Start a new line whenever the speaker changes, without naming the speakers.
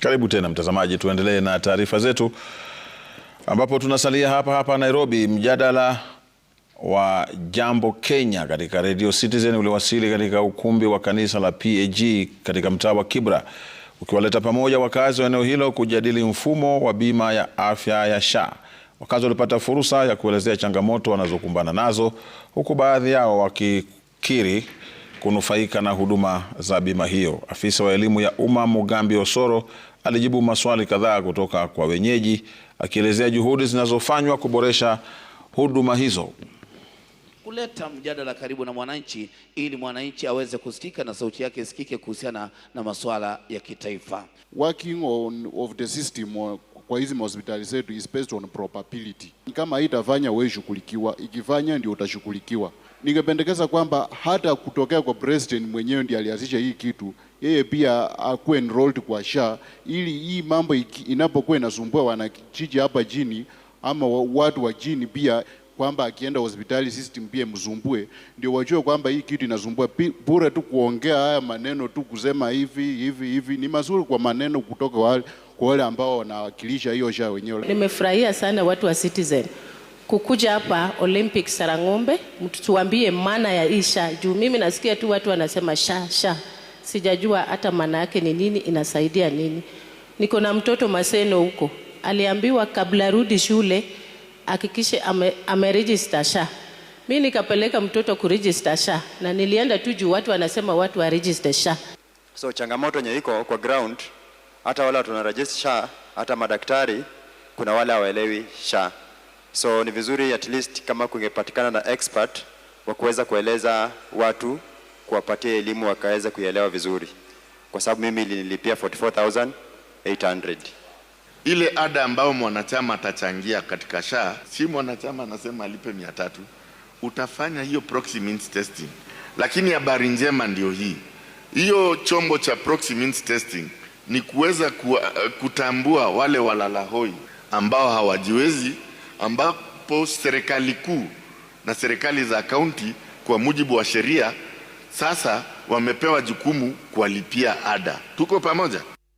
Karibu tena mtazamaji, tuendelee na taarifa zetu ambapo tunasalia hapa hapa Nairobi. Mjadala wa Jambo Kenya katika Radio Citizen uliowasili katika ukumbi wa kanisa la PAG katika mtaa wa Kibra ukiwaleta pamoja wakazi wa eneo hilo kujadili mfumo wa bima ya afya ya SHA. Wakazi walipata fursa ya kuelezea changamoto wanazokumbana nazo, huku baadhi yao wakikiri kunufaika na huduma za bima hiyo. Afisa wa elimu ya umma Mugambi Osoro alijibu maswali kadhaa kutoka kwa wenyeji akielezea juhudi zinazofanywa kuboresha huduma hizo
kuleta mjadala karibu na mwananchi ili mwananchi aweze kusikika na sauti yake isikike kuhusiana na masuala ya kitaifa.
Working on of the system uh, kwa hizi mahospitali zetu is based on probability. Kama itafanya wewe shughulikiwa, ikifanya ndio utashughulikiwa. Ningependekeza kwamba hata kutokea kwa president mwenyewe ndiye alianzisha hii kitu yeye pia akuwe enrolled kwa SHA ili hii mambo inapokuwa inasumbua wanakijiji hapa jini ama watu wa jini pia kwamba akienda hospitali system pia mzumbue, ndio wajue kwamba hii kitu inazumbua. Bure tu kuongea haya maneno tu kusema hivi hivi hivi, ni mazuri kwa maneno kutoka wale, kwa wale ambao wanawakilisha hiyo SHA wenyewe.
Nimefurahia sana watu wa Citizen kukuja hapa Olympic Sarang'ombe, tuambie maana ya hii SHA juu mimi nasikia tu watu wanasema SHA SHA sijajua hata maana yake ni nini, inasaidia nini. Niko na mtoto Maseno huko, aliambiwa kabla rudi shule hakikishe ame, SHA. Mi nikapeleka mtoto kuregister SHA na nilienda tu juu watu wanasema watu wa register SHA.
So changamoto yenye iko kwa ground, hata wale watu wanaregister SHA, hata madaktari kuna wale hawaelewi SHA. So ni vizuri at least kama kungepatikana na expert wa kuweza kueleza watu kuwapatia elimu wakaweza kuielewa vizuri, kwa sababu mimi nililipia 44800
ile ada ambayo mwanachama atachangia katika SHA. Si mwanachama anasema alipe mia tatu, utafanya hiyo proxy means testing. Lakini habari njema ndio hii, hiyo chombo cha proxy means testing ni kuweza eh, kutambua wale walalahoi ambao hawajiwezi, ambapo serikali kuu na serikali za kaunti kwa mujibu wa sheria sasa wamepewa jukumu kuwalipia ada. Tuko pamoja?